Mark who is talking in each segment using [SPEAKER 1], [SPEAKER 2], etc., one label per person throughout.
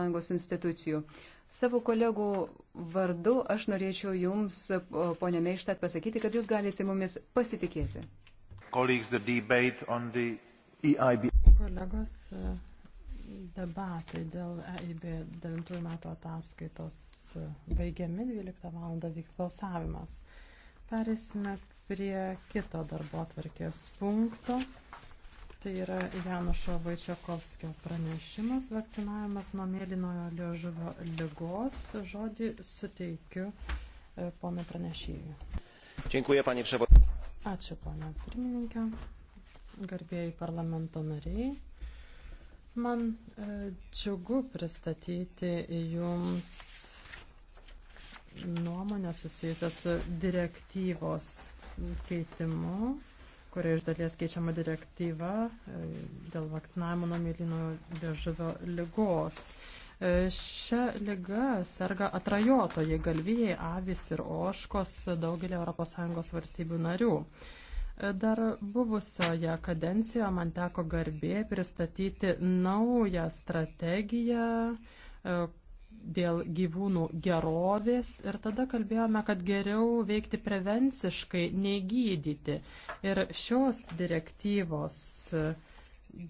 [SPEAKER 1] ES institucijų. Savo kolegų vardu aš norėčiau Jums, e, ponė Meištat, pasakyti, kad Jūs galite mumis pasitikėti. E
[SPEAKER 2] Kolegos, e, debatai dėl EIB 9 metų ataskaitos baigiami, 12 val. vyks balsavimas. Perėsime prie kito darbo atvarkės punkto. Tai yra Janušo Vaičiakovskio pranešimas vakcinavimas nuo mėlynojo liežuvio lygos. Žodį suteikiu e, pono pranešėjui.
[SPEAKER 3] Dziękuję, panie przewodniczący.
[SPEAKER 2] Ačiū, ponia pirmininkė, garbėjai parlamento nariai. Man e, džiugu pristatyti jums nuomonę susijusią su direktyvos keitimu kuria iš dalies keičiama direktyva e, dėl vakcinavimo nuo mėlyno liežuvio lygos. E, Šią lygą serga atrajotojai galvijai, avis ir oškos daugelį ES valstybių narių. E, dar buvusioje kadencijoje man teko garbė pristatyti naują strategiją, dėl gyvūnų gerovės ir tada kalbėjome, kad geriau veikti prevenciškai, nei gydyti. Ir šios direktyvos e,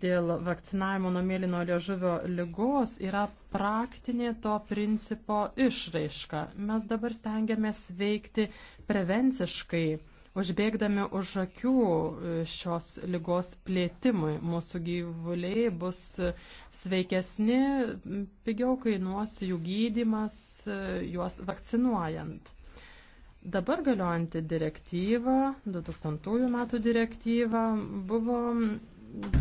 [SPEAKER 2] dėl vakcinavimo nuo mėlyno liežuvio lygos yra praktinė to principo išraiška. Mes dabar stengiamės veikti prevenciškai užbėgdami už akių e, šios lygos plėtimui. Mūsų gyvuliai bus e, sveikesni, pigiau kainuos jų gydimas, e, juos vakcinuojant. Dabar galiojanti direktyva, 2000 metų direktyva, buvo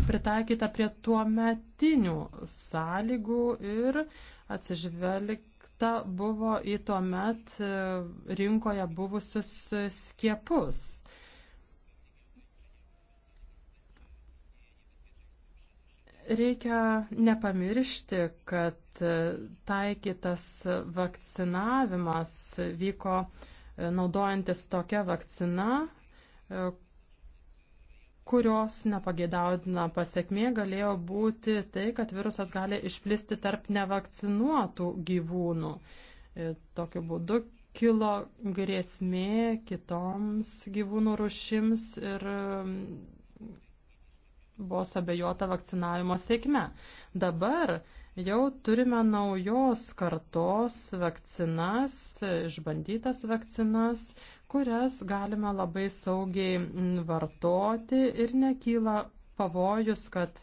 [SPEAKER 2] pritaikyta prie tuo metinių sąlygų ir atsižvelgti atsižvelgta buvo į tuomet e, rinkoje buvusius skiepus. reikia nepamiršti, kad e, taikytas vakcinavimas vyko e, naudojantis tokia vakcina, kurios nepagėdautina pasiekmė galėjo būti tai, kad virusas gali išplisti tarp nevakcinuotų gyvūnų. E, tokiu būdu kilo grėsmė kitoms gyvūnų rušims ir mm, buvo sabėjota vakcinavimo sėkme. Dabar jau turime naujos kartos vakcinas, išbandytas vakcinas, kurias galime labai saugiai vartoti ir nekyla pavojus, kad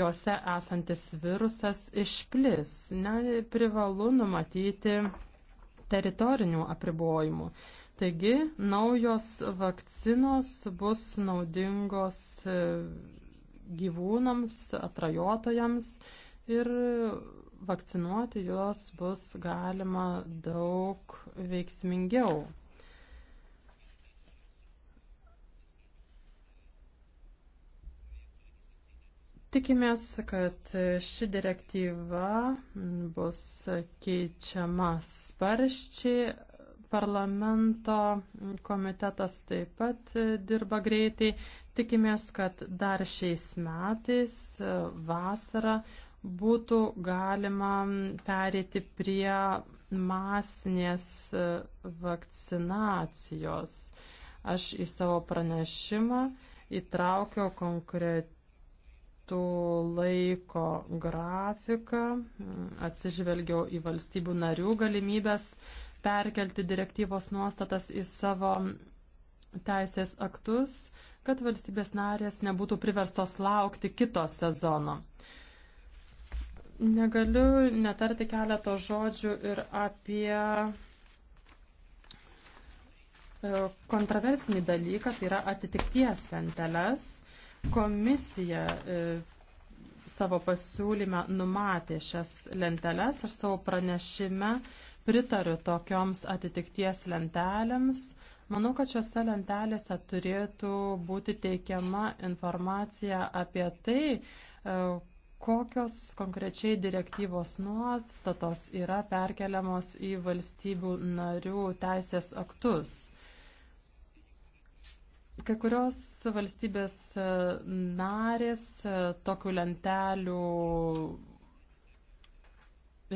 [SPEAKER 2] juose esantis virusas išplis. Neprivalu numatyti teritorinių apribojimų. Taigi naujos vakcinos bus naudingos e, gyvūnams, atrajotojams ir vakcinuoti juos bus galima daug veiksmingiau. Tikimės, kad ši direktyva bus keičiama sparščiai. Parlamento komitetas taip pat dirba greitai. Tikimės, kad dar šiais metais vasarą būtų galima perėti prie masinės vakcinacijos. Aš į savo pranešimą įtraukiau konkrečiai metų laiko grafiką, atsižvelgiau į valstybių narių galimybės perkelti direktyvos nuostatas į savo teisės aktus, kad valstybės narės nebūtų priverstos laukti kito sezono. Negaliu netarti keleto žodžių ir apie e, kontroversinį dalyką, tai yra atitikties lenteles Komisija e, savo pasiūlyme numatė šias lenteles ir savo pranešime pritariu tokioms atitikties lentelėms. Manau, kad šiuose lentelėse turėtų būti teikiama informacija apie tai, e, kokios konkrečiai direktyvos nuostatos yra perkeliamos į valstybių narių teisės aktus. Kai kurios valstybės e, narės e, tokių lentelių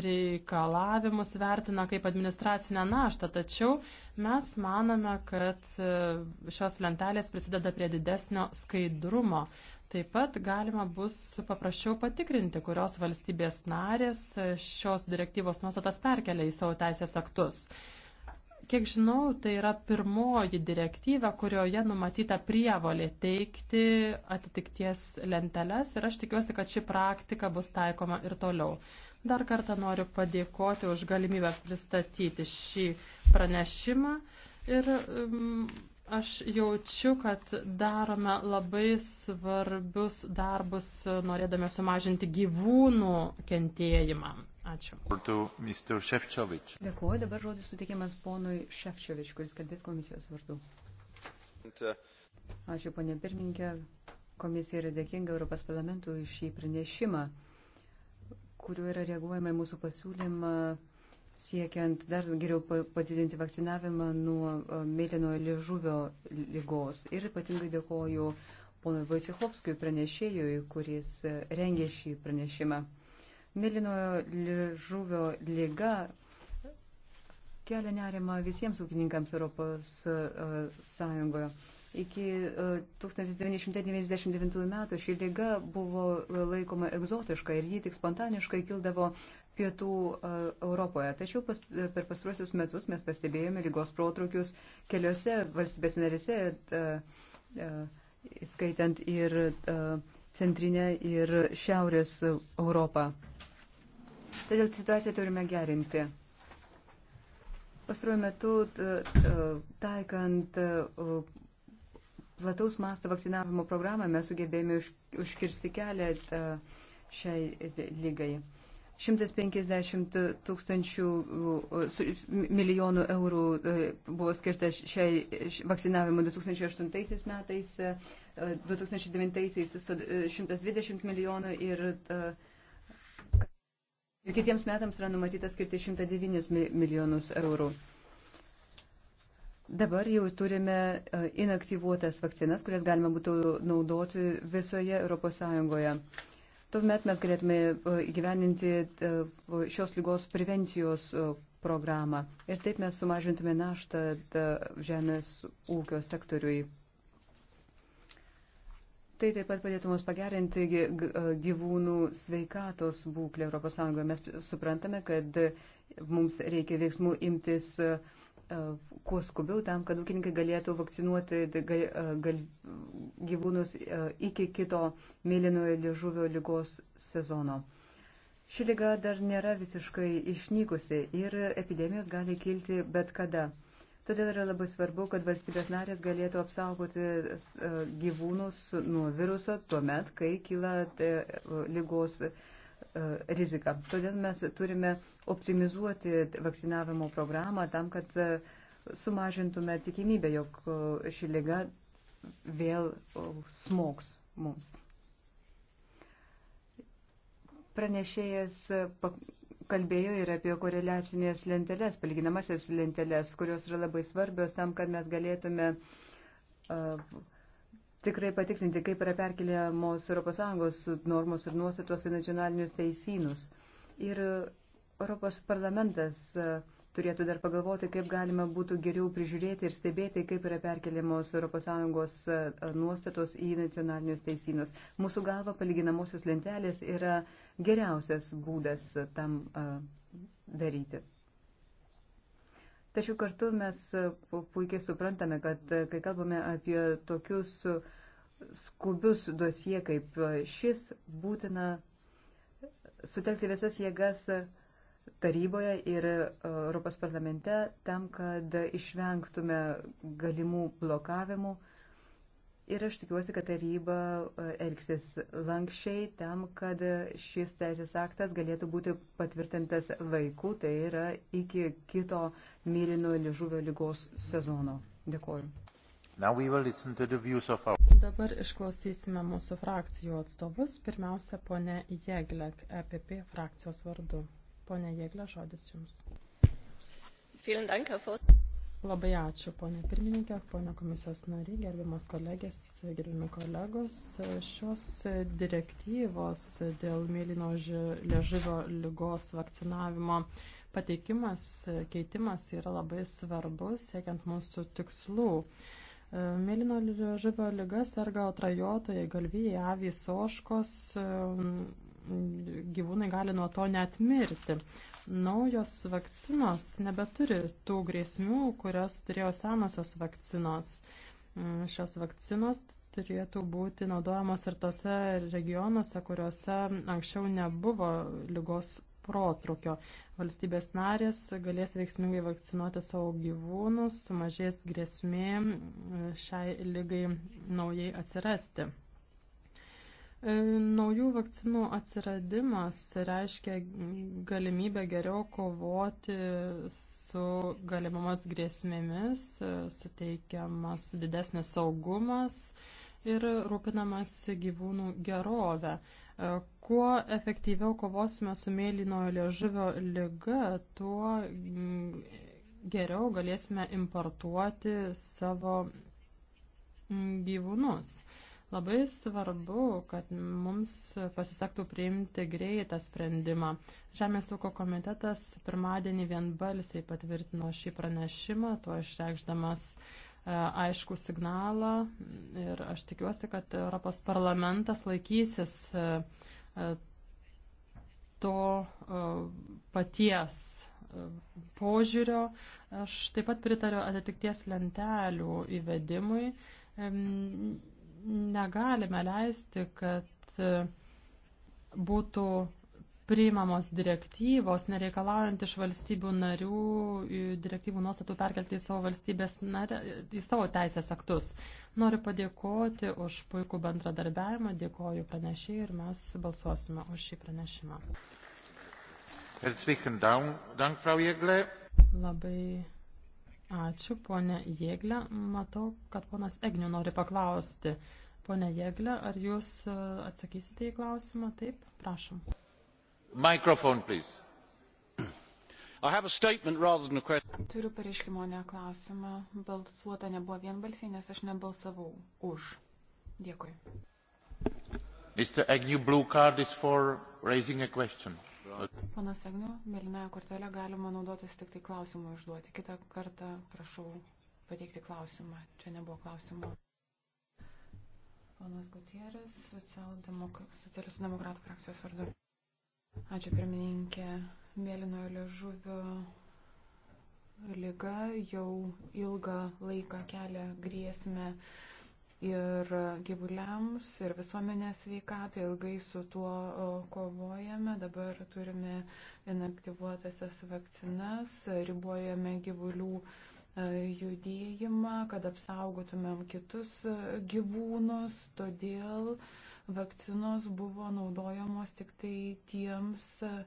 [SPEAKER 2] reikalavimus vertina kaip administracinę naštą, tačiau mes manome, kad e, šios lentelės prisideda prie didesnio skaidrumo. Taip pat galima bus paprasčiau patikrinti, kurios valstybės narės šios direktyvos nuostatas perkelia į savo teisės aktus. Kiek žinau, tai yra pirmoji direktyva, kurioje numatyta prievolė teikti atitikties lenteles ir aš tikiuosi, kad ši praktika bus taikoma ir toliau. Dar kartą noriu padėkoti už galimybę pristatyti šį pranešimą ir um, Aš jaučiu, kad darome labai svarbius darbus, norėdami sumažinti gyvūnų kentėjimą. Ačiū. Dėkuoju, dabar žodis sutikimas ponui Šefčiovič,
[SPEAKER 1] kuris kalbės komisijos vardu. Ačiū, ponė pirmininkė. Komisija yra dėkinga Europos parlamentui šį pranešimą, kuriuo yra reaguojama į mūsų pasiūlymą siekiant dar geriau padidinti vakcinavimą nuo e, mėlynojo liežuvio lygos. Ir ypatingai dėkoju ponui Vojcichovskijui pranešėjui, kuris e, rengė šį pranešimą. Mėlynojo liežuvio lyga kelia nerima visiems ūkininkams Europos e, Sąjungoje. Iki 1999 metų ši lyga buvo laikoma egzotiška ir ji tik spontaniškai kildavo pietų e, Europoje. Tačiau pas, e, per pastruosius metus mes pastebėjome lygos protrukius keliose valstybės narėse, e, skaitant ir centrinę ir šiaurės Europą. Todėl situaciją turime gerinti. Pastaruoju metu taikant plataus masto vakcinavimo programą mes sugebėjome užkirsti kelią šiai lygai. 150 tūkstančių milijonų eurų e, buvo skirta šiai vakcinavimui 2008 metais, 2009 e, 120 e, milijonų ir, ir kitiems metams yra numatyta skirti 109 milijonus eurų. Dabar jau turime inaktyvuotas vakcinas, kurias galima būtų naudoti visoje Europos Sąjungoje tuomet mes galėtume e, įgyveninti e, šios lygos prevencijos e, programą. Ir taip mes sumažintume naštą žemės ūkio sektoriui. Tai taip pat padėtų mums pagerinti gyvūnų sveikatos būklę ES. Mes suprantame, kad mums reikia veiksmų imtis uh, E, kuo skubiau tam, kad ūkininkai galėtų vakcinuoti tai gal, e, gal, gyvūnus e, iki kito mėlynojo liežuvio lygos sezono. Ši lyga dar nėra visiškai išnykusi ir epidemijos gali kilti bet kada. Todėl yra labai svarbu, kad valstybės narės galėtų apsaugoti gyvūnus nuo viruso tuo met, kai kyla lygos rizika. Todėl mes turime optimizuoti vakcinavimo programą tam, kad e, sumažintume tikimybę, jog e, ši lyga vėl e, smoks mums. Pranešėjas kalbėjo ir apie koreliacinės lentelės, palyginamasias lentelės, kurios yra labai svarbios tam, kad mes galėtume uh, tikrai patikrinti, kaip yra perkeliamos ES normos ir nuostatos į nacionalinius teisynus. Ir Europos parlamentas e, turėtų dar pagalvoti, kaip galima būtų geriau prižiūrėti ir stebėti, kaip yra perkeliamos ES e, nuostatos į nacionalinius teisynus. Mūsų galva palyginamosios lentelės yra geriausias būdas tam e, daryti. Tačiau kartu mes puikiai suprantame, kad kai kalbame apie tokius skubius dosie kaip šis, būtina sutelkti visas jėgas taryboje ir e, Europos parlamente tam, kad išvengtume galimų blokavimų. Ir aš tikiuosi, kad taryba e, elgsis lankščiai tam, kad šis teisės aktas galėtų būti patvirtintas laiku, tai yra iki kito mylino ližuvio lygos
[SPEAKER 2] sezono. Dėkuoju. Our... Dabar išklausysime mūsų frakcijų atstovus. Pirmiausia, ponė Jeglek, EPP frakcijos vardu. Pone Jėglė, žodis Jums. Labai ačiū, ponė pirmininkė, ponė komisijos nariai, gerbiamas kolegės, gerbiami kolegos. Šios direktyvos dėl mėlyno liežuvio lygos vakcinavimo pateikimas, keitimas yra labai svarbus, siekiant mūsų tikslų. Mėlyno žuvio lyga serga atrajotojai, galvijai, avys, oškos, gyvūnai gali nuo to net mirti. Naujos vakcinos nebeturi tų grėsmių, kurias turėjo senosios vakcinos. Mm, šios vakcinos turėtų būti naudojamos ir tose regionuose, kuriuose anksčiau nebuvo lygos protrukio. Valstybės narės galės veiksmingai vakcinuoti savo gyvūnus, sumažės grėsmė mm, šiai lygai naujai atsirasti. E, naujų vakcinų atsiradimas reiškia galimybę geriau kovoti su galimomis grėsmėmis, e, suteikiamas didesnis saugumas ir rūpinamas gyvūnų gerovę. E, kuo efektyviau kovosime su mėlynojo liežuvio lyga, tuo mm, geriau galėsime importuoti savo mm, gyvūnus. Labai svarbu, kad mums pasisektų priimti greitą sprendimą. Žemės ūkio komitetas pirmadienį vienbalsiai patvirtino šį pranešimą, tuo išreikšdamas e, aišku signalą ir aš tikiuosi, kad Europos parlamentas laikysis e, e, to paties požiūrio. Aš taip pat pritariu atitikties lentelių įvedimui negalime leisti, kad e, būtų priimamos direktyvos, nereikalaujant iš valstybių narių direktyvų nuostatų perkelti į savo valstybės, narę, į savo teisės aktus. Noriu padėkoti už puikų bendradarbiavimą, dėkoju pranešėjai ir mes balsuosime už šį pranešimą. Labai Ačiū, ponė Jėglė. Matau, kad ponas Egnių nori paklausti. Pone Jėglė, ar jūs e, atsakysite į klausimą? Taip, prašom.
[SPEAKER 3] Microphone, please. Turiu pareiškimo, ne klausimą. Balsuota nebuvo vienbalsiai, nes aš nebalsavau už. Dėkui.
[SPEAKER 2] Mr. Agnew, blue card is for raising a question.
[SPEAKER 3] Panas Agnew, mėlynąją kortelę galima naudotis tik tai klausimui užduoti. Kitą kartą prašau pateikti klausimą. Čia nebuvo klausimo. Panas Gutieras, socialistų demokratų frakcijos vardu. Ačiū pirmininkė. Mėlynojo liežuvio lyga jau ilgą laiką kelia grėsmę uh, ir gyvuliams, ir visuomenės veikatai. Ilgai su tuo kovojame. Dabar turime inaktyvuotasias vakcinas, ribojame gyvulių e, judėjimą, kad apsaugotumėm kitus e, gyvūnus. Todėl vakcinos buvo naudojamos tik tai tiems, uh,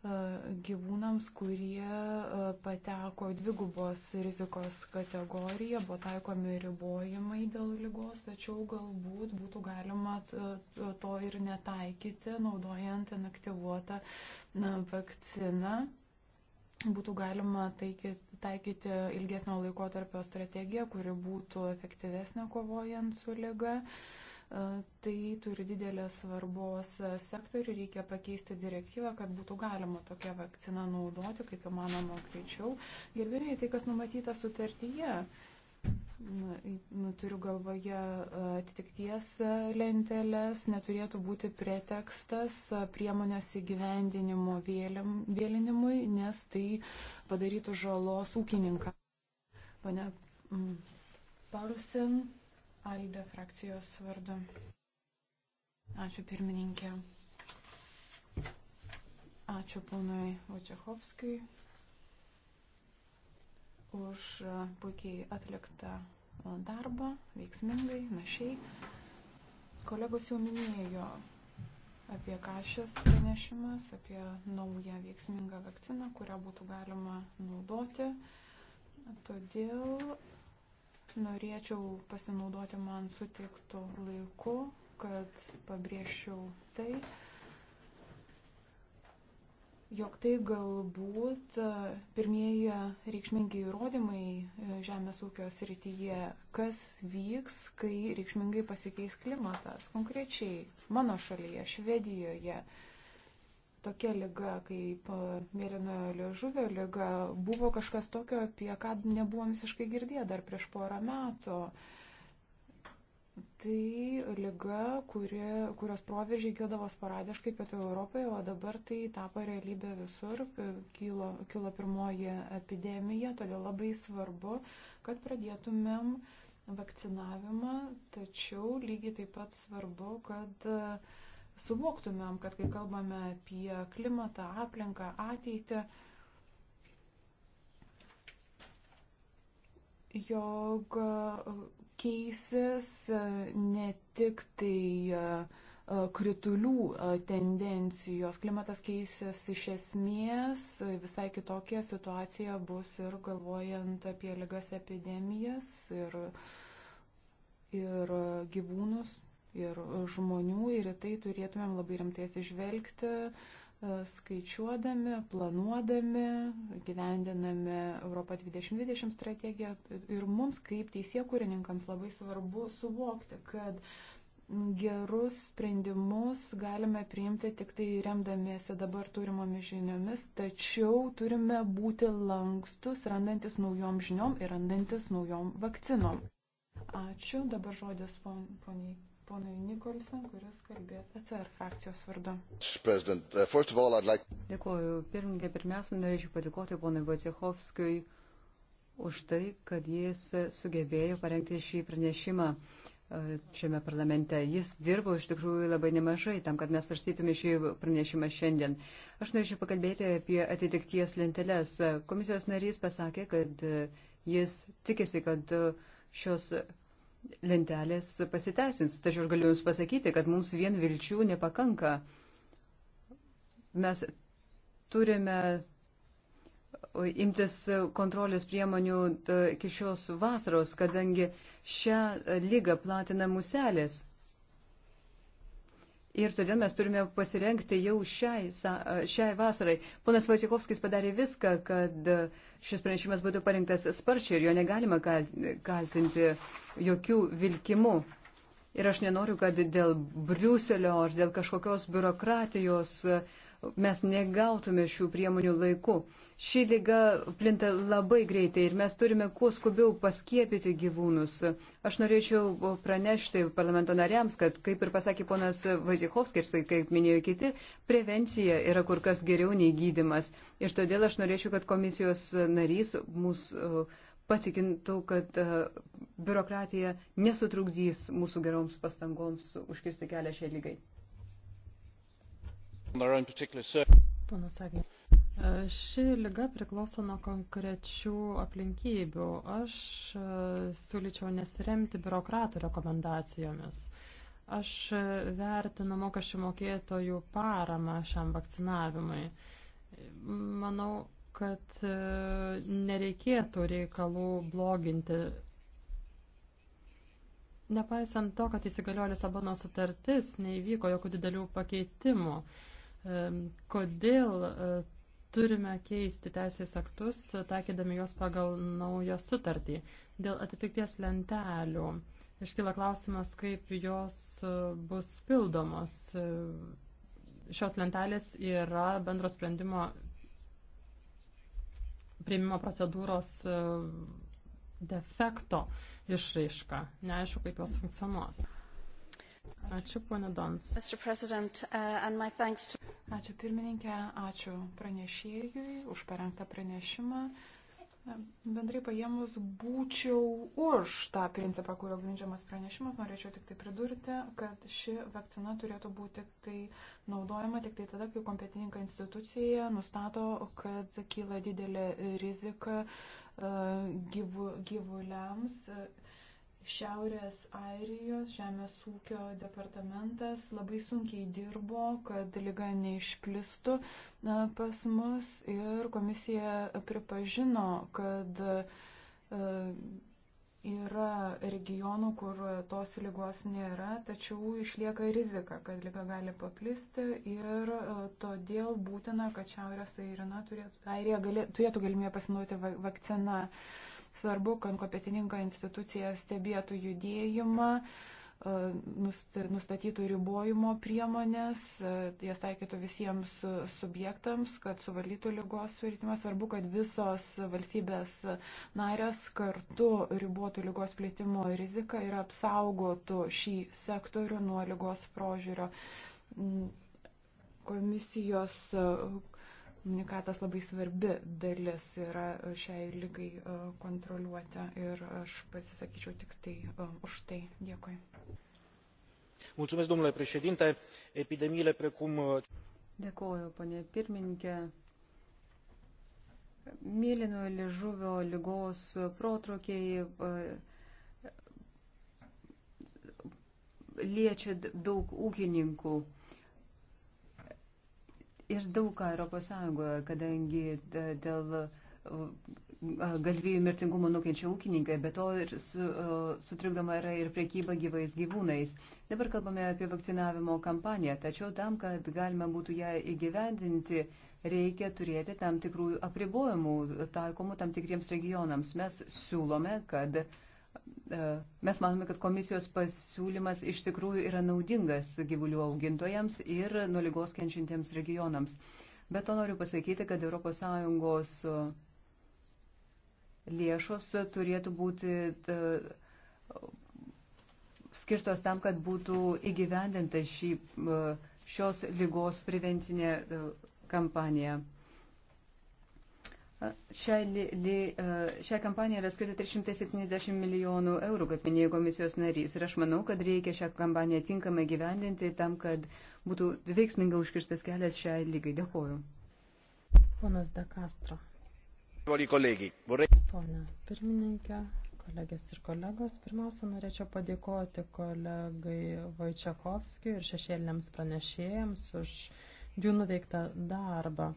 [SPEAKER 3] E, gyvūnams, kurie e, pateko dvigubos rizikos kategoriją, buvo taikomi ribojimai dėl lygos, tačiau galbūt būtų galima e, to ir netaikyti, naudojant inaktyvuotą vakciną. Būtų galima taikyti ilgesnio laiko tarpio strategiją, kuri būtų efektyvesnė kovojant su lyga. Uh, E, tai turi didelės svarbos sektoriui, reikia pakeisti direktyvą, kad būtų galima tokią vakciną naudoti, kaip įmanoma, greičiau. Gerbėjai, tai kas numatyta sutartyje, nu, turiu galvoje e, atitikties lentelės, neturėtų būti pretekstas priemonės įgyvendinimo vėlinimui, nes tai padarytų žalos ūkininką. Pane mm, Parusin. Alde frakcijos vardu. Ačiū pirmininkė. Ačiū ponui Vočiachovskijui už puikiai atliktą darbą, veiksmingai, našiai. Kolegos jau minėjo apie ką šis pranešimas, apie naują veiksmingą vakciną, kurią būtų galima naudoti. Todėl Norėčiau pasinaudoti man sutiktų laiku, kad pabrėžčiau tai, jog tai galbūt e, pirmieji reikšmingi įrodymai e, žemės ūkio srityje, kas vyks, kai reikšmingai pasikeis klimatas. Konkrečiai mano šalyje, Švedijoje, uh, tokia lyga, kaip e, mėlynojo liežuvio lyga, buvo kažkas tokio, apie ką nebuvom visiškai girdėję dar prieš porą metų. Tai lyga, kuri, kurios proveržiai kildavo sporadiškai pietų Europoje, o dabar tai tapo realybė visur, e, kilo, kilo pirmoji epidemija, todėl labai svarbu, kad pradėtumėm vakcinavimą, tačiau lygiai taip pat svarbu, kad uh, suvoktumėm, kad kai kalbame apie klimatą, aplinką, ateitį, jog keisis ne tik tai e, kritulių e, tendencijos, klimatas keisis iš esmės, visai kitokia situacija bus ir galvojant apie ligas epidemijas ir, ir gyvūnus ir žmonių ir į tai turėtumėm labai rimtai atsižvelgti, e, skaičiuodami, planuodami, gyvendinami Europą 2020 strategiją. Ir mums, kaip teisėkurininkams, labai svarbu suvokti, kad gerus sprendimus galime priimti tik tai remdamiesi dabar turimomis žiniomis, tačiau turime būti lankstus, randantis naujom žiniom ir randantis naujom vakcinom. Ačiū, dabar žodis poniai ponui Nikolson, kuris kalbės ACR frakcijos vardu.
[SPEAKER 2] Uh, like...
[SPEAKER 3] Dėkuoju,
[SPEAKER 1] pirmininkė. Pirmiausia, norėčiau padėkoti ponui Vojcechovskijui už tai, kad jis sugebėjo parengti šį pranešimą uh, šiame parlamente. Jis dirbo iš tikrųjų labai nemažai tam, kad mes svarstytume šį pranešimą šiandien. Aš norėčiau pakalbėti apie atitikties lenteles. Komisijos narys pasakė, kad uh, jis tikisi, kad šios lentelės pasiteisins. Tačiau aš galiu Jums pasakyti, kad mums vien vilčių nepakanka. Mes turime imtis kontrolės priemonių iki šios vasaros, kadangi šią lygą platina muselės. Ir todėl mes turime pasirenkti jau šiai, šiai vasarai. Ponas Vatikovskis padarė viską, kad šis pranešimas būtų parinktas sparčiai ir jo negalima kaltinti jokių vilkimų. Ir aš nenoriu, kad dėl Briuselio ar dėl kažkokios biurokratijos e, mes negautume šių priemonių laiku. Ši lyga plinta labai greitai ir mes turime kuo skubiau paskiepyti gyvūnus. Aš norėčiau pranešti parlamento nariams, kad, kaip ir pasakė ponas Vazikovskis, kaip minėjo kiti, prevencija yra kur kas geriau nei gydimas. Ir todėl aš norėčiau, kad komisijos narys mūsų. Uh, e, patikintų, kad e, biurokratija nesutrukdys mūsų geroms pastangoms užkirsti kelią
[SPEAKER 2] šiai lygai. Ponas Agnė. E, ši lyga priklauso nuo konkrečių aplinkybių. Aš e, siūlyčiau nesiremti biurokratų rekomendacijomis. Aš vertinu mokesčių mokėtojų paramą šiam vakcinavimui. Manau, kad e, nereikėtų reikalų bloginti. Nepaisant to, kad įsigaliojo Lisabono sutartis, neįvyko jokių didelių pakeitimų. E, kodėl e, turime keisti teisės aktus, taikydami juos pagal naują sutartį? Dėl atitikties lentelių. Iškyla klausimas, kaip jos bus pildomos. Šios lentelės yra bendro sprendimo prieimimo procedūros e, defekto išraiška. Neaišku, kaip jos funkcionuos. Ačiū, ponė Dons. Uh,
[SPEAKER 3] ačiū pirmininkė, ačiū pranešėjui už parengtą pranešimą. Bendrai paėmus būčiau už tą principą, kurio grindžiamas pranešimas. Norėčiau tik tai pridurti, kad ši vakcina turėtų būti tik tai naudojama tik tai tada, kai kompetininka institucija nustato, kad kyla didelė rizika e, gyvuliams Šiaurės Airijos žemės ūkio departamentas labai sunkiai dirbo, kad lyga neišplistų pas mus ir komisija pripažino, kad e, yra regionų, kur tos lygos nėra, tačiau išlieka rizika, kad lyga gali paplisti ir e, todėl būtina, kad Šiaurės Airija turėtų, galė, turėtų galimybę pasinaudoti vakciną. Va, Svarbu, kad kompetininga institucija stebėtų judėjimą e, nustatytų ribojimo priemonės, e, jas taikytų visiems subjektams, kad suvalytų lygos suritimą. Svarbu, kad visos valstybės narės kartu ribotų lygos plėtimo riziką ir apsaugotų šį sektorių nuo lygos prožiūrio. Mm, komisijos komunikatas labai svarbi dalis yra e, šiai lygai e, kontroliuoti ir aš pasisakyčiau tik tai e, už tai. Dėkui.
[SPEAKER 1] Mulțumesc, domnule președinte. Epidemiile precum...
[SPEAKER 3] Dėkuoju, ponė pirmininkė.
[SPEAKER 1] Mėlynojo liežuvio lygos protrukiai liečia daug ūkininkų ir daug ką Europos Sąjungoje, kadangi dėl galvijų mirtingumo nukenčia ūkininkai, bet to ir su, sutrikdoma yra ir priekyba gyvais gyvūnais. Dabar kalbame apie vakcinavimo kampaniją, tačiau tam, kad galima būtų ją įgyvendinti, reikia turėti tam tikrų apribojimų taikomų tam tikriems regionams. Mes siūlome, kad uh, E, mes manome, kad komisijos pasiūlymas iš tikrųjų yra naudingas gyvulių augintojams ir nuo lygos kenčiantiems regionams. Bet to noriu pasakyti, kad ES e, lėšos turėtų būti e, skirtos tam, kad būtų įgyvendinta šį, šios lygos prevencinė kampanija. Šiai, e, šiai kampanijai yra skirta 370 milijonų eurų, kaip minėjo komisijos narys. Ir aš manau, kad reikia šią kampaniją tinkamai gyvendinti tam, kad būtų veiksmingai užkirstas kelias šiai lygai. Dėkoju.
[SPEAKER 2] Ponas Dekastro. Pone pirmininkė, kolegės ir kolegos, pirmiausia, norėčiau padėkoti kolegai Vaičiakovskijui ir šešėliniams pranešėjams už jų nuveiktą darbą.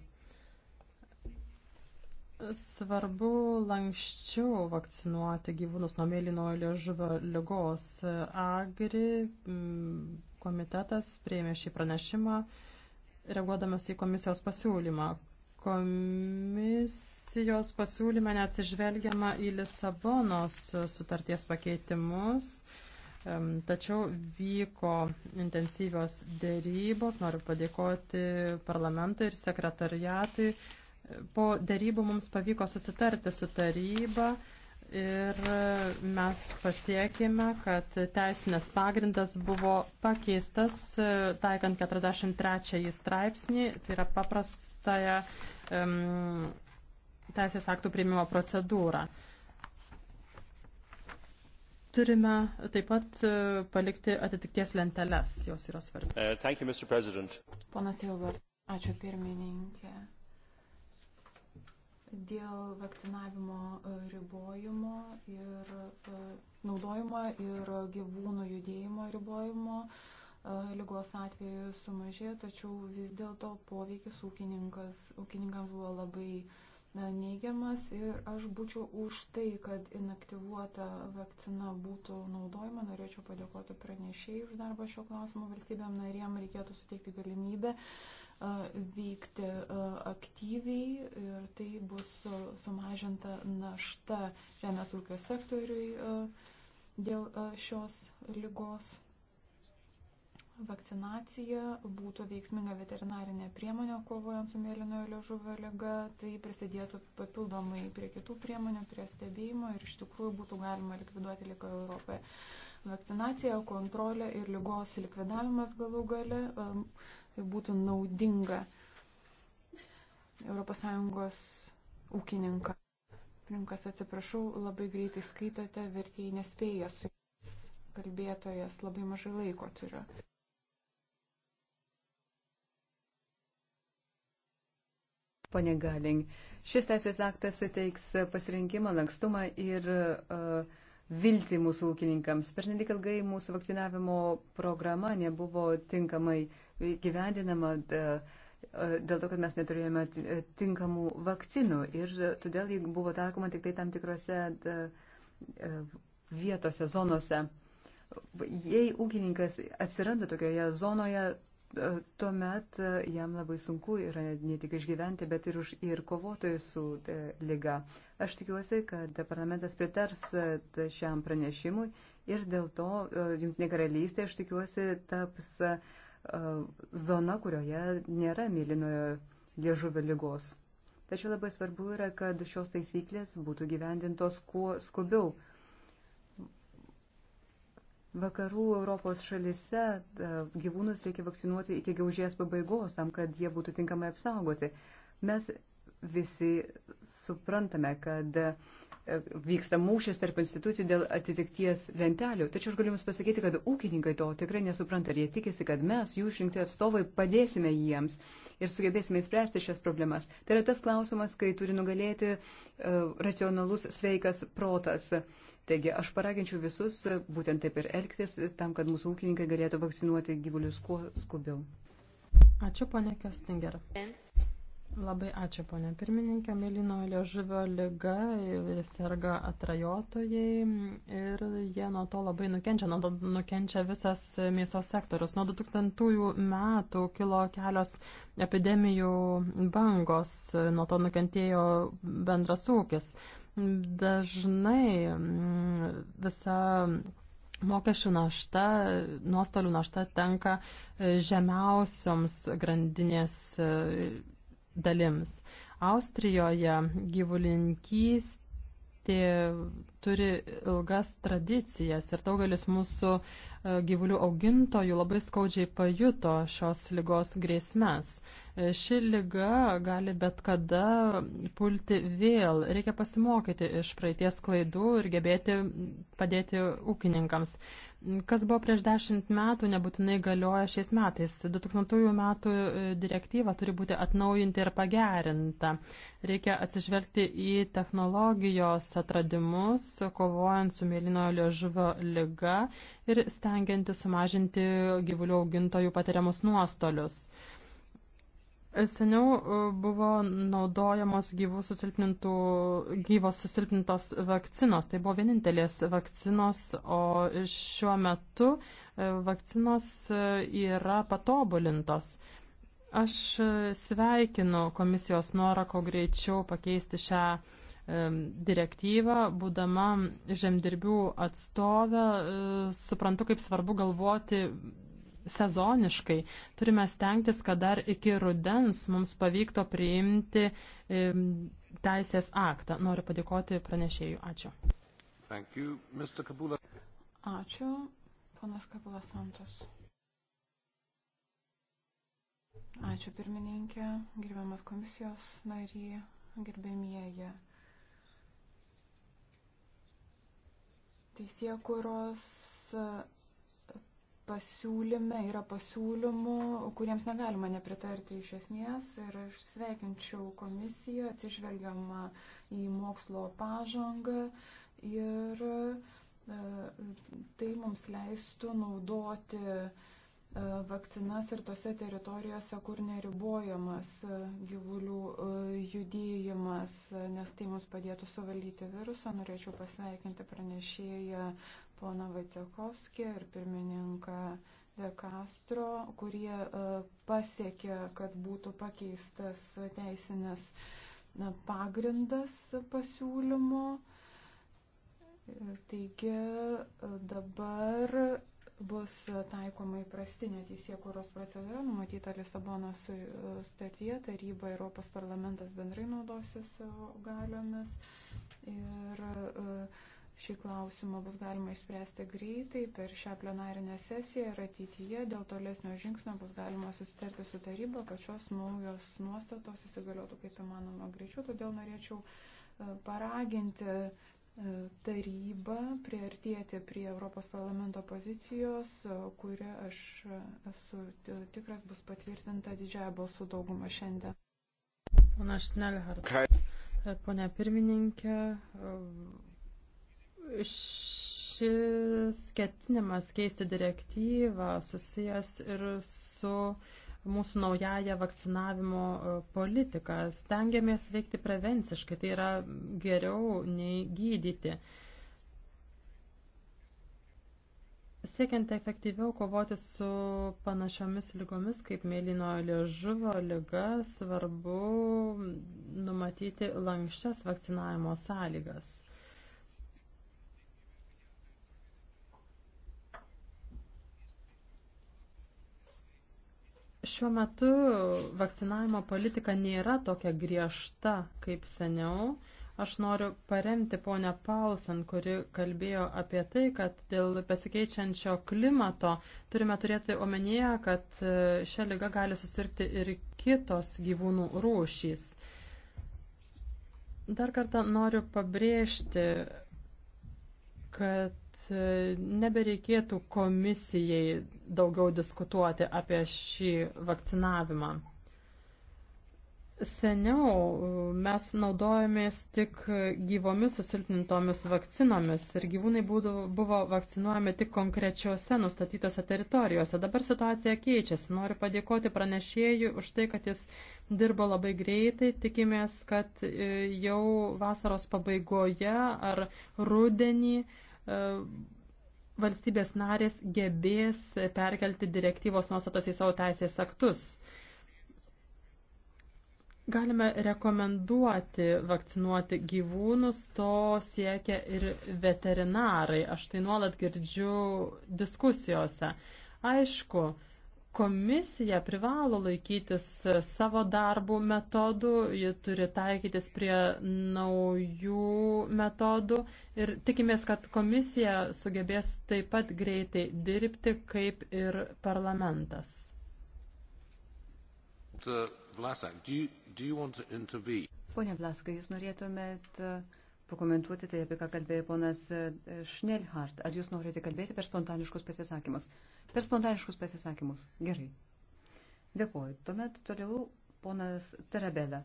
[SPEAKER 2] Svarbu lankščiau vakcinuoti gyvūnus nuo mėlynojo liežuvio lygos. Agri mm, komitetas prieimė šį pranešimą, reaguodamas į komisijos pasiūlymą. Komisijos pasiūlyme neatsižvelgiama į Lisabonos sutarties pakeitimus. Tačiau vyko intensyvios dėrybos, noriu padėkoti parlamentui ir sekretariatui Po darybų mums pavyko susitarti su taryba ir mes pasiekime, kad teisinės pagrindas buvo pakeistas taikant 43 straipsnį, tai yra paprastąją um, teisės aktų priimimo procedūrą. Turime taip pat e, palikti atitikties lenteles, jos yra svarbi.
[SPEAKER 1] Uh, you,
[SPEAKER 2] Ponas Hilvard, ačiū pirmininkė
[SPEAKER 3] dėl vakcinavimo e, ribojimo ir e, naudojimo ir gyvūnų judėjimo ribojimo e, lygos atveju sumažėjo, tačiau vis dėlto poveikis ūkininkams buvo labai neigiamas ir aš būčiau už tai, kad inaktyvuota vakcina būtų naudojama. Norėčiau padėkoti pranešėjai už darbą šio klausimo valstybėm narėm, reikėtų suteikti galimybę uh, veikti aktyviai ir tai bus sumažinta našta žemės ūkio sektoriui dėl šios lygos. Vakcinacija būtų veiksminga veterinarinė priemonė kovojant su mėlynojo liežuvio lyga, tai prisidėtų papildomai prie kitų priemonių, prie stebėjimo ir iš tikrųjų būtų galima likviduoti lygą Europoje. Vakcinacija, kontrolė ir lygos likvidavimas galų gale. Um, būtų naudinga ES ūkininką. Pirmkas, atsiprašau, labai greitai skaitote, vertėjai nespėja su jais kalbėtojas, labai mažai laiko turiu. Pane
[SPEAKER 1] Galing, šis teisės aktas suteiks pasirinkimą, lankstumą ir uh, viltį mūsų ūkininkams. Per nedik ilgai mūsų vakcinavimo programa nebuvo tinkamai uh, gyvendinama e, e, dėl to, kad mes neturėjome e, tinkamų vakcinų ir todėl jį buvo taikoma tik tai tam tikrose vietose, zonose. Jei ūkininkas atsiranda tokioje zonoje, tuomet jam labai sunku yra ne tik išgyventi, bet ir, už, ir kovotojai su lyga. Aš tikiuosi, kad parlamentas pritars šiam pranešimui ir dėl to Junktinė karalystė, aš tikiuosi, taps E, zona, kurioje nėra mėlynojo dėžuvio lygos. Tačiau labai svarbu yra, kad šios taisyklės būtų gyvendintos kuo skubiau. Vakarų Europos šalise e, gyvūnus reikia vakcinuoti iki gaužės pabaigos, tam, kad jie būtų tinkamai apsaugoti. Mes visi suprantame, kad vyksta mūšis tarp institucijų dėl atitikties lentelių. Tačiau aš galiu Jums pasakyti, kad ūkininkai to tikrai nesupranta ir jie tikisi, kad mes, jų išrinkti atstovai, padėsime jiems ir sugebėsime įspręsti šias problemas. Tai yra tas klausimas, kai turi nugalėti uh, racionalus sveikas protas. Taigi aš paraginčiau visus e, būtent taip ir elgtis, tam, kad mūsų ūkininkai galėtų vakcinuoti gyvulius kuo
[SPEAKER 2] skubiau. Ačiū, ponė Kestinger. And Labai ačiū, ponė pirmininkė. Mėlyno liežuvio lyga serga atrajotojai ir jie nuo to labai nukenčia. Nuo to nukenčia visas mėsos sektorius. Nuo 2000 metų kilo kelios epidemijų bangos. Nuo to nukentėjo bendras ūkis. Dažnai mm, visa mokesčių našta, nuostolių našta tenka žemiausioms grandinės dalims. Austrijoje gyvulinkystė turi ilgas tradicijas ir daugelis mūsų e, gyvulių augintojų labai skaudžiai pajuto šios lygos grėsmes. E, ši lyga gali bet kada pulti vėl. Reikia pasimokyti iš praeities klaidų ir gebėti padėti ūkininkams. Kas buvo prieš dešimt metų, nebūtinai galioja šiais metais. 2000 metų e, direktyva turi būti atnaujinta ir pagerinta. Reikia atsižvelgti į technologijos atradimus, kovojant su mėlynojo liežuvio lyga ir stengianti sumažinti gyvulių augintojų patiriamus nuostolius. Seniau e, buvo naudojamos gyvos susilpnintos vakcinos. Tai buvo vienintelės vakcinos, o šiuo metu e, vakcinos e, yra patobulintos. Aš sveikinu komisijos norą, kuo greičiau pakeisti šią direktyvą, būdama žemdirbių atstovę, suprantu, kaip svarbu galvoti sezoniškai. Turime stengtis, kad dar iki rudens mums pavyktų priimti teisės aktą. Noriu padėkoti pranešėjų. Ačiū. Thank you,
[SPEAKER 1] Mr. Kabula.
[SPEAKER 2] Ačiū, panas Kabula Santos.
[SPEAKER 3] Ačiū pirmininkė, gerbiamas komisijos nary, gerbėmieji. Teisėkuros pasiūlyme yra pasiūlymų, kuriems negalima nepritarti iš esmės ir aš sveikinčiau komisiją atsižvelgiamą į mokslo pažangą ir e, tai mums leistų naudoti e, vakcinas ir tose teritorijose, kur neribojamas e, gyvulių judėjimas, nes tai mums padėtų suvaldyti virusą. Norėčiau pasveikinti pranešėją poną Vaitsekovskį ir pirmininką De Castro, kurie e, pasiekė, kad būtų pakeistas teisinės pagrindas pasiūlymo. Taigi e, dabar bus taikoma įprastinė teisėkūros procedūra numatyta Lisabonos statyje, e, taryba Europos parlamentas bendrai naudosis savo galiomis. Ir, uh, Šį klausimą bus galima išspręsti greitai per šią plenarinę sesiją ir ateityje dėl tolesnio žingsnio bus galima susitarti su taryba, kad šios naujos nuostatos įsigaliotų kaip įmanoma greičiau. Todėl norėčiau e, paraginti e, tarybą priartėti prie Europos parlamento pozicijos, e, kuri aš esu
[SPEAKER 2] tikras bus patvirtinta didžiąją balsų daugumą šiandien. Pana Šnelhardt, ponia pirmininkė, Šis ketinimas keisti direktyvą susijęs ir su mūsų naująją vakcinavimo e, politiką. Stengiamės veikti prevenciškai, tai yra geriau nei gydyti. Siekiant efektyviau kovoti su panašiomis lygomis kaip mėlyno liežuvo lyga, svarbu numatyti lankščias vakcinavimo sąlygas. Šiuo metu vakcinavimo politika nėra tokia griežta kaip seniau. Aš noriu paremti ponę Paulsen, kuri kalbėjo apie tai, kad dėl pasikeičiančio klimato turime turėti omenyje, kad e, šią lygą gali susirgti ir kitos gyvūnų rūšys. Dar kartą noriu pabrėžti, kad E, nebereikėtų komisijai daugiau diskutuoti apie šį vakcinavimą. Seniau e, mes naudojomės tik gyvomis susilpnintomis vakcinomis ir gyvūnai būdų, buvo vakcinuojami tik konkrečiose nustatytose teritorijose. Dabar situacija keičiasi. Noriu padėkoti pranešėjui už tai, kad jis dirbo labai greitai. Tikimės, kad e, jau vasaros pabaigoje ar rudenį uh, E, valstybės narės gebės perkelti direktyvos nuostatas į savo teisės aktus. Galime rekomenduoti vakcinuoti gyvūnus, to siekia ir veterinarai. Aš tai nuolat girdžiu diskusijose. Aišku, komisija privalo laikytis savo darbų metodų, ji turi taikytis prie naujų metodų ir tikimės, kad komisija sugebės taip pat greitai dirbti kaip ir parlamentas.
[SPEAKER 1] Uh, Pone Blaskai, jūs norėtumėt uh, pakomentuoti tai, apie ką kalbėjo ponas uh, Schnellhardt. Ar jūs norite kalbėti per spontaniškus pasisakymus? Per spontaniškus pasisakymus. Gerai. Dėkuoju. Tuomet toliau ponas Tarabelė.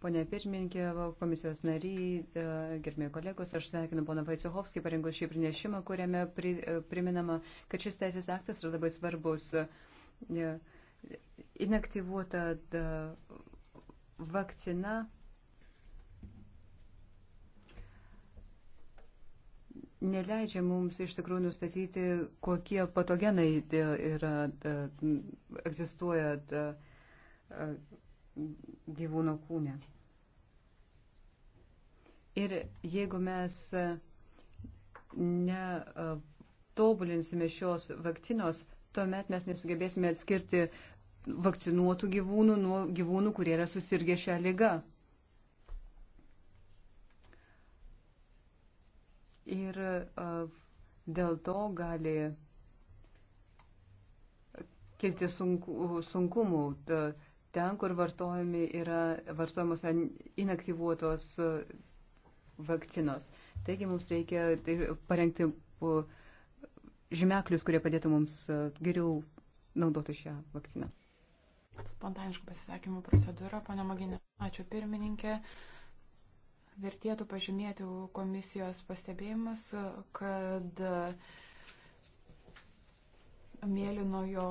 [SPEAKER 1] Pone pirmininkė, komisijos nariai, e, gerbėjai kolegos, aš sveikinu poną Vaicechovskį parengus šį pranešimą, kuriame pri, e, priminama, kad šis teisės aktas yra labai svarbus. E, inaktyvuota vakcina. Neleidžia mums iš tikrųjų nustatyti, kokie patogenai yra, egzistuoja gyvūno kūne. Ir jeigu mes e, netobulinsime e, šios vakcinos, tuomet mes nesugebėsime atskirti vakcinuotų gyvūnų nuo gyvūnų, kurie yra susirgę šią lygą. Ir e, dėl to gali kilti sunku, sunkumų. Ta, ten, kur vartojami yra, vartojamos yra inaktyvuotos e, vakcinos. Taigi mums reikia tai, parengti žymeklius, kurie padėtų mums e, geriau naudoti šią
[SPEAKER 3] vakciną. Spontaniškų pasisakymų procedūra, pana Maginė. Ačiū pirmininkė. Vertėtų pažymėti komisijos pastebėjimas, kad uh, mėlynojo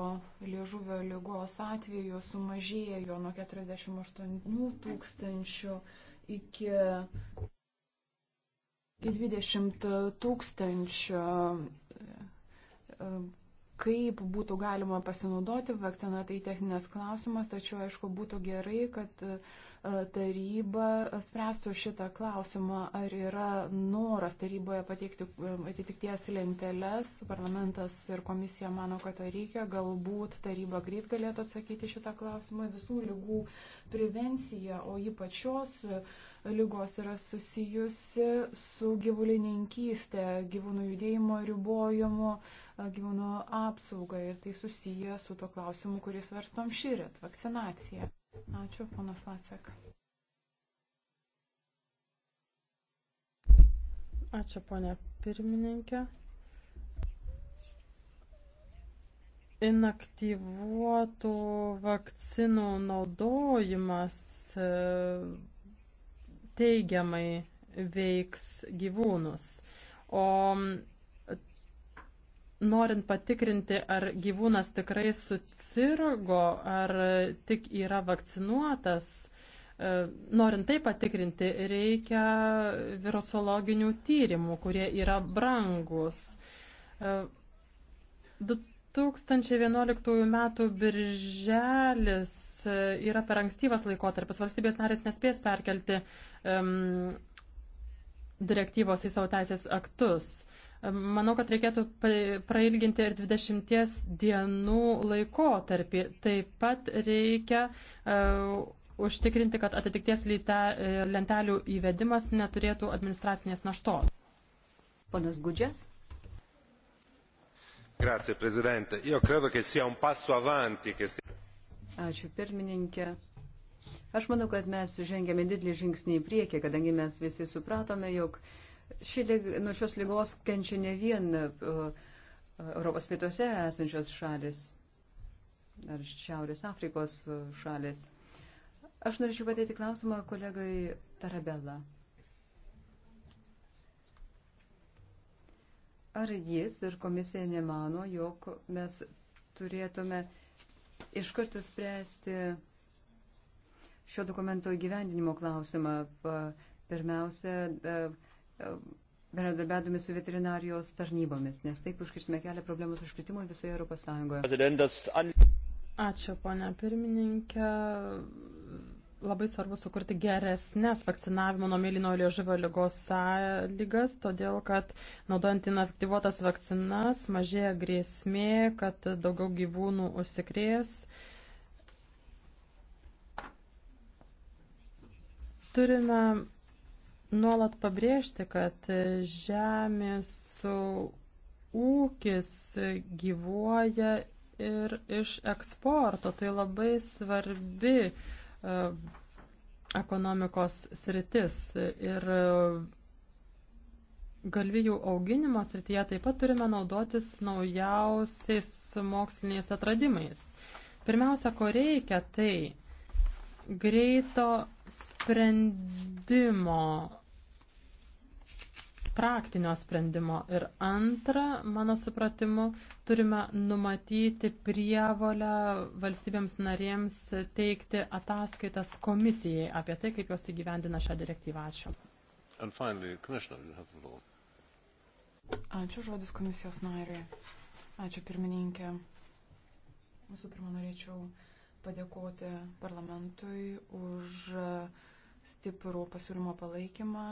[SPEAKER 3] liežuvio lygos atveju sumažėjo nuo 48 tūkstančių iki, iki 20 tūkstančių kaip būtų galima pasinaudoti vakciną, tai techninės klausimas, tačiau aišku būtų gerai, kad e, taryba spręstų šitą klausimą, ar yra noras taryboje pateikti e, atitikties lenteles, parlamentas ir komisija mano, kad to reikia, galbūt taryba greit galėtų atsakyti šitą klausimą, visų lygų prevencija, o ypač šios e, lygos yra susijusi su gyvulininkystė, gyvūnų judėjimo ribojimu, gyvūnų apsaugą ir tai susiję su tuo klausimu, kurį svarstom šyrit - vakcinacija. Ačiū, ponas Lasek.
[SPEAKER 2] Ačiū, ponė pirmininkė. Inaktyvuotų vakcinų naudojimas e, teigiamai veiks gyvūnus. O norint patikrinti, ar gyvūnas tikrai susirgo, ar tik yra vakcinuotas, e, norint tai patikrinti, reikia virusologinių tyrimų, kurie yra brangus. 2011 e, m. birželis e, yra per ankstyvas laikotarpis. Valstybės narės nespės perkelti um, direktyvos į savo teisės aktus. Manau, kad reikėtų prailginti ir 20 dienų laikotarpį. Taip pat reikia uh, užtikrinti, kad atitikties lyte, e, lentelių įvedimas neturėtų administracinės naštos. Ponas Gudžias. Grazie, prezidente. Io credo che sia un passo avanti. Che...
[SPEAKER 1] Ačiū, pirmininkė. Aš manau, kad mes žengėme didelį žingsnį į priekį, kadangi mes visi supratome, jog uh, Ši, nuo šios lygos kenčia ne vien e, Europos pietuose esančios šalis ar Šiaurės Afrikos e, šalis. Aš norėčiau pateikti klausimą kolegai Tarabella. Ar jis ir komisija nemano, jog mes turėtume iš karto spręsti šio dokumento įgyvendinimo klausimą? Pirmiausia, da, e, bendradarbiaudami su veterinarijos tarnybomis, nes taip užkirsime kelią problemos užkritimui visoje Europos Sąjungoje.
[SPEAKER 2] Ačiū, ponia pirmininkė. Labai svarbu sukurti geresnės vakcinavimo nuo mėlyno liežuvio lygos sąlygas, todėl kad naudojant inaktyvuotas vakcinas mažėja grėsmė, kad daugiau gyvūnų užsikrės. Turime nuolat pabrėžti, kad žemės ūkis gyvuoja ir iš eksporto. Tai labai svarbi e, ekonomikos sritis. Ir e, galvijų auginimo srityje taip pat turime naudotis naujausiais moksliniais atradimais. Pirmiausia, ko reikia, tai greito sprendimo praktinio sprendimo. Ir antra, mano supratimu, turime numatyti prievolę valstybėms narėms teikti ataskaitas komisijai apie tai, kaip jos įgyvendina šią direktyvą. Ačiū. Finally,
[SPEAKER 3] Ačiū žodis komisijos nariai. Ačiū pirmininkė. Visų pirma, norėčiau padėkoti parlamentui už stiprų pasiūlymo palaikymą,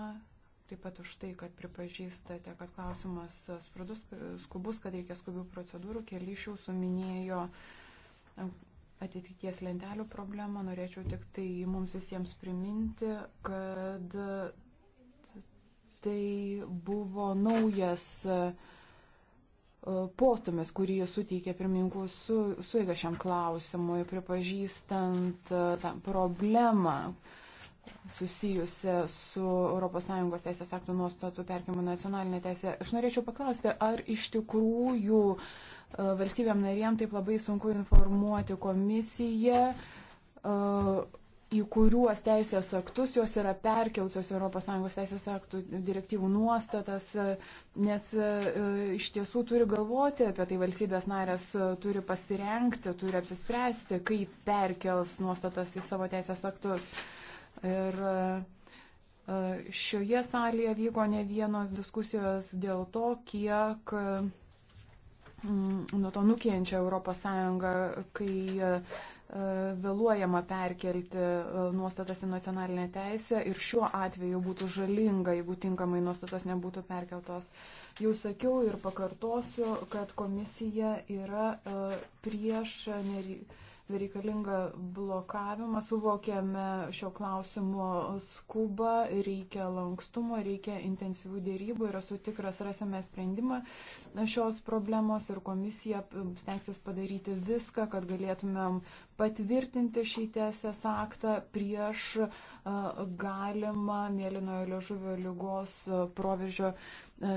[SPEAKER 3] taip pat už tai, kad pripažįstate, kad klausimas sprudus, skubus, kad reikia skubių procedūrų. Keli iš jūsų minėjo atitikties lentelių problemą. Norėčiau tik tai mums visiems priminti, kad tai buvo naujas e, postumis, kurį suteikė pirmininkų suėga su šiam klausimui, pripažįstant e, tą problemą, uh, susijusią su ES teisės aktų nuostatų perkimo nacionalinė teisė. Aš norėčiau paklausti, ar iš tikrųjų e, valstybėm narėm taip labai sunku informuoti komisiją, e, į kuriuos teisės aktus jos yra perkelsios ES teisės aktų direktyvų nuostatas, e, nes iš tiesų turi galvoti apie tai valstybės narės, turi pasirenkti, turi apsispręsti, kaip perkels nuostatas į savo teisės aktus. Ir e, šioje salėje vyko ne vienos diskusijos dėl to, kiek mm, nuo to nukentžia ES, kai e, vėluojama perkelti e, nuostatas į nacionalinę teisę ir šiuo atveju būtų žalinga, jeigu tinkamai nuostatas nebūtų perkeltos. Jau sakiau ir pakartosiu, kad komisija yra prieš nereikalingą reikalinga blokavimą, suvokiame šio klausimo skubą, reikia lankstumo, reikia intensyvių dėrybų ir esu tikras, rasime sprendimą šios problemos ir komisija stengsis padaryti viską, kad galėtumėm patvirtinti šį teisės aktą prieš galimą mėlynojo liežuvio lygos proveržio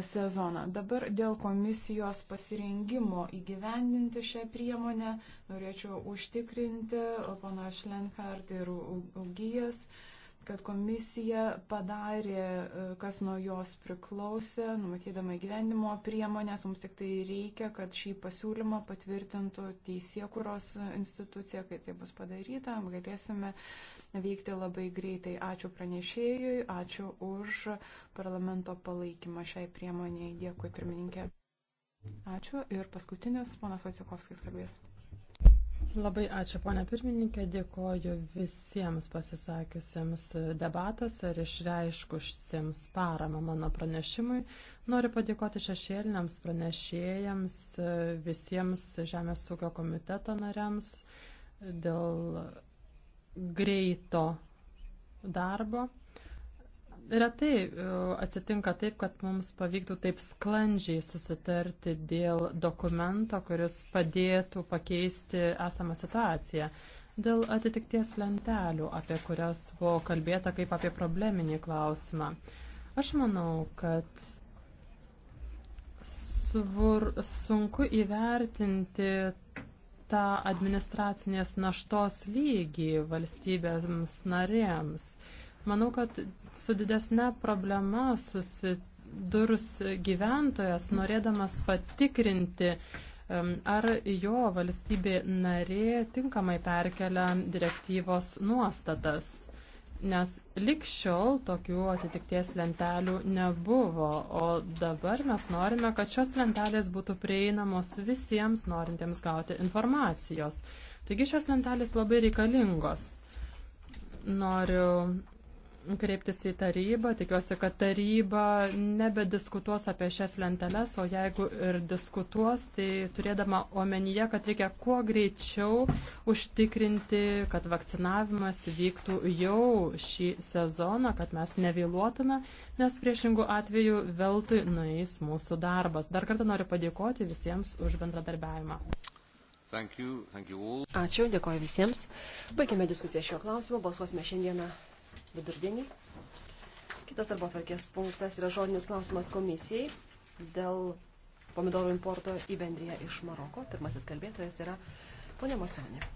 [SPEAKER 3] sezoną. Dabar dėl komisijos pasirengimo įgyvendinti šią priemonę norėčiau užtikrinti pono Šlenkart ir Augijas. Uh, kad komisija padarė, e, kas nuo jos priklausė, numatydama gyvenimo priemonės, mums tik tai reikia, kad šį pasiūlymą patvirtintų teisėkuros institucija, kai tai bus padaryta, galėsime veikti labai greitai. Ačiū pranešėjui, ačiū už parlamento palaikymą šiai priemoniai. Dėkui, pirmininkė. Ačiū ir paskutinis, ponas Vatsikovskis kalbės.
[SPEAKER 2] Labai ačiū, ponė pirmininkė, dėkoju visiems pasisakiusiems debatuose ir išreiškusiems paramą mano pranešimui. Noriu padėkoti šešėliniams pranešėjams, visiems Žemės ūkio komiteto nariams dėl greito darbo retai e, atsitinka taip, kad mums pavyktų taip sklandžiai susitarti dėl dokumento, kuris padėtų pakeisti esamą situaciją. Dėl atitikties lentelių, apie kurias buvo kalbėta kaip apie probleminį klausimą. Aš manau, kad svur, sunku įvertinti tą administracinės naštos lygį valstybėms narėms. Uh, Manau, kad su didesne problema susidurs gyventojas, norėdamas patikrinti, ar jo valstybė narė tinkamai perkelia direktyvos nuostatas. Nes likščiol tokių atitikties lentelių nebuvo, o dabar mes norime, kad šios lentelės būtų prieinamos visiems norintiems gauti informacijos. Taigi šios lentelės labai reikalingos. Noriu kreiptis į tarybą. Tikiuosi, kad taryba nebediskutuos apie šias lenteles, o jeigu ir diskutuos, tai turėdama omenyje, kad reikia kuo greičiau užtikrinti, kad vakcinavimas vyktų jau šį sezoną, kad mes nevėluotume, nes priešingų atveju veltui nueis mūsų darbas. Dar kartą noriu padėkoti visiems už bendradarbiavimą.
[SPEAKER 1] Thank you. Thank you
[SPEAKER 2] Ačiū, dėkoju visiems. Baigėme diskusiją šiuo klausimu, balsuosime šiandieną vidurdienį.
[SPEAKER 1] Kitas darbo atvarkės punktas yra žodinis klausimas komisijai dėl pomidorų importo į bendriją iš Maroko. Pirmasis kalbėtojas yra ponė Mocionė.